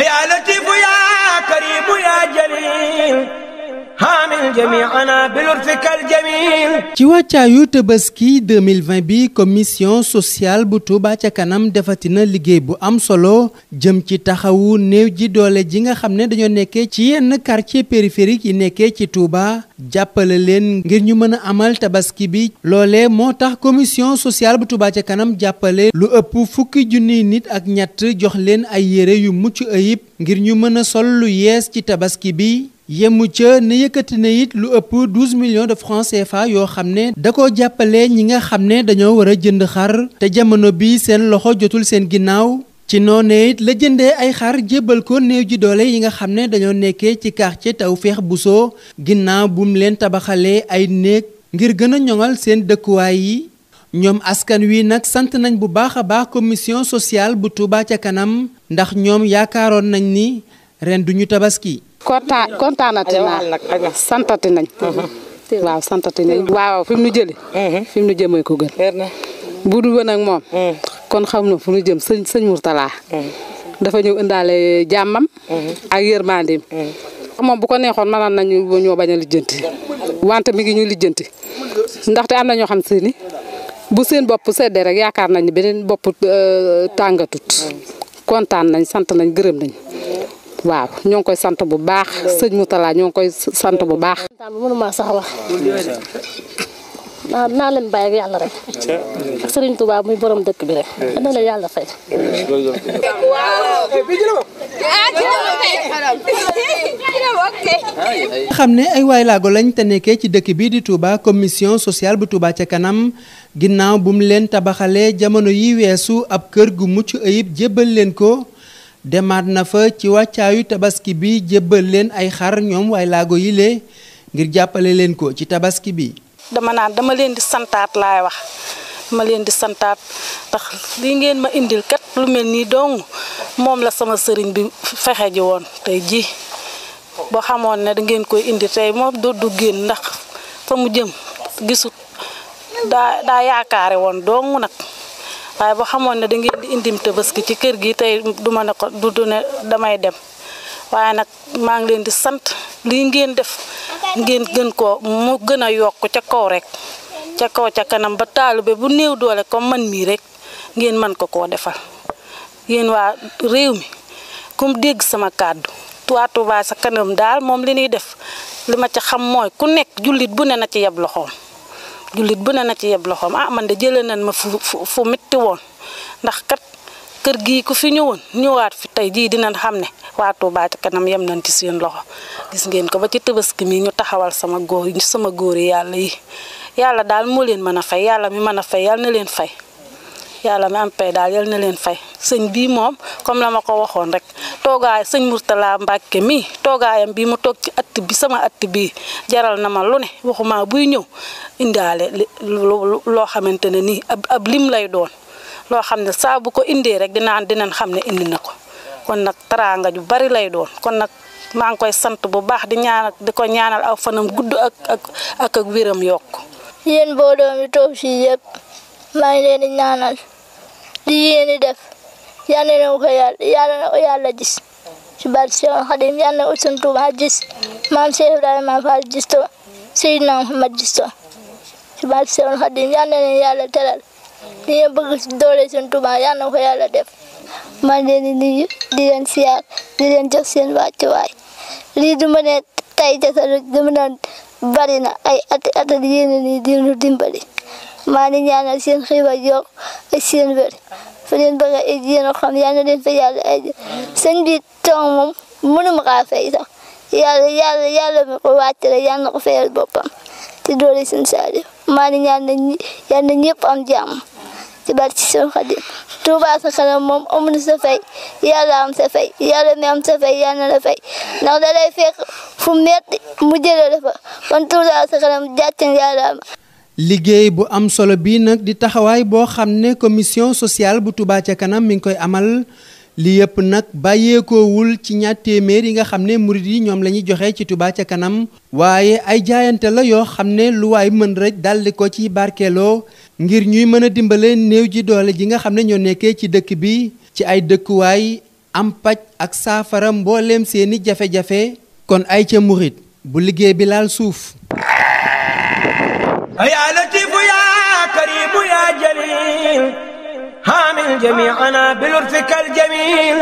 yaa latiifu yaa kariimu yaa jaliil ci wàccaayu Tabaski 2020 bi commission sociale bu Touba ca kanam defatina liggéey bu am solo jëm ci taxawu néew ji doole ji nga xam ne dañoo nekk ci yenn quartier périphérique yi nekkee ci Touba jàppale leen ngir ñu mën a amal tabaski bi loole moo tax commission sociale bu Touba ca kanam jàppale lu ëpp fukki junniy nit ak ñett jox leen ay yére yu mucc ayib ngir ñu mën a sol lu yees ci tabaski bi yemu ca ne yëkkati it lu ëpp 12 millions de francs CFA yoo xam ne da koo jàppale ñi nga xam ne dañoo war a jënd xar te jamono bi seen loxo jotul seen ginnaaw ci noonee it la jëndee ay xar jébbal ko néew ji doole yi nga xam ne dañoo nekke ci quartier Tawfekh Bousso ginnaaw bu ginnaaw mu leen tabaxalee ay néeg ngir gën a ñoŋal seen dëkkuwaay yi ñoom askan wi nag sant nañ bu baax a baax commission sociale bu Touba ca kanam ndax ñoom yaakaaroon nañ ni ren duñu tabaski kontaan kontaanati naa santati nañ. waaw santati nañ. waaw fi mu nu jëli mm-hmm. fi nu jëmee ko gën. bu dul woon moom. Mm. kon xam na fu nu jëm sëñ sëñ Mourtala. Mm. dafa ñëw indaale jàmmam. Mm-hmm. ak yërmandeem. Mm. moom bu ko neexoon mënoon nañu ñoo bañ a lijjanti wante mi ngi ñu lijjanti ndaxte am na ñoo xam si ni bu seen bopp seddee rek yaakaar nañ beneen bopp euh, tàngatut kontaan nañ sant nañ gërëm nañ. waaw ñoo ngi koy sant bu baax mu talaa ñoo ngi koy sant bu baax. mënuma sax wax naa naa leen bàyyi yàlla rek ak Serigne Touba muy borom dëkk bi rek na leen yàlla fay. xam ne ay waay laago lañ te nekkee ci dëkk bii di Touba commission sociale bu Touba ca kanam ginnaaw bum leen tabaxale jamono yi weesu ab kër gu mucc ayib jébbal leen ko. demaat na fa ci wàccaayu tabaski bi jébbal leen ay xar ñoom waaye laago yile ngir jàppale leen ko ci tabaski bi. dama naan dama leen di santaat laay wax dama leen di santaat ndax li ngeen ma indil kat lu mel nii dong moom la sama sëriñ bi fexe ji woon tey ji boo xamoon ne da ngeen koy indi tey moom du du génn ndax fa mu jëm gisut daa daa yaakaare woon dong nag waaye boo xamoon ne da indim tabaski ci kër gi tey du ma ne ko du du ne damay dem waaye nag maa ngi leen di sant lii ngeen def ngeen gën koo mu gën a yokk ca kaw rek ca kaw ca kanam ba taalu be bu néew doole comme man mii rek ngeen mën ko koo defal yéen waa réew mi kum dégg sama kàddu Touba Touba sa kanam daal moom li ñuy def li ma ca xam mooy ku nekk jullit bu ne na ci yeb loxoom jullit bu ne na ci yeb loxoom ah man de jëlee nañ ma fu fu woon ndax kat kër gi ko fi ñëwoon ñëwaat fi tey jii dinañ xam ne waatu Touba ca kanam yem nañ ci seen loxo gis ngeen ko ba ci Tabaski mi ñu taxawal sama góor sama góor yi yàlla yi yàlla daal moo leen mën a fay yàlla mi mën a fay na leen fay yàlla mi am na leen fay sëñ bii moom comme la ma ko waxoon rek toogaay sëñ Mourtala Mbacke mi toogaayam bi mu toog ci att bi sama att bi jaral na ma lu ne waxuma buy ñëw indaale loo xamante ne nii ab ab lim lay doon loo xam ne saa bu ko indee rek di dinaan dinañ xam ne indi na ko kon nag teraanga ju bari lay doon kon nag maa ngi koy sant bu baax di ñaanal di ko ñaanal aw fanam gudd ak ak ak ak wéram maa ngi leen di ñaanal li yéen di def yal na ko yàlla yàlla na ko yàlla gis ci li ngeen bëgg si doole seen Tuubaa yal ko yàlla def maa ngi leen di nuyu di leen siyaar di leen jox seen wàccuwaay lii du ma ne tey jota dama naan bari na ay at at yéen a nii di nu dimbali maa ngi ñaanal seen xibaar yokk ak seen wér fa leen bëgg a egg yéen a xam yal na leen fa yàlla egg seen bi toog moom mënuma kaa fay sax yàlla yàlla yàlla mi ko wàcc rek yal ko fayal boppam te doole seen saali maa ngi ñaan nañ yal na ñëpp ci barke Sëriñ sa kanam moom amul sa fay yàlla am sa fay yàlla mi am sa fay yàlla na la ndax da fekk fu metti mu jëlee la fa kon Touba sa kanam jàccen yàlla am liggéey bu am solo bii nag di taxawaay boo xam ne commission sociale bu Touba ca kanam mi ngi koy amal li yëpp nag bàyyeekoowul ci ñaar téeméer yi nga xam ne murid yi ñoom lañuy joxe ci tubaa ca kanam waaye ay jaayante la yoo xam ne lu waay mën rekk daldi ko ci barkeeloo ngir ñuy mën a dimbale néew ji doole ji nga xam ne ñoo nekkee ci dëkk bi ci ay dëkkuwaay am paj ak saafara mbooleem seeni jafe-jafe kon ay ca murid bu liggéey bi laal suuf حامل جميعنا بالعرف كالجميل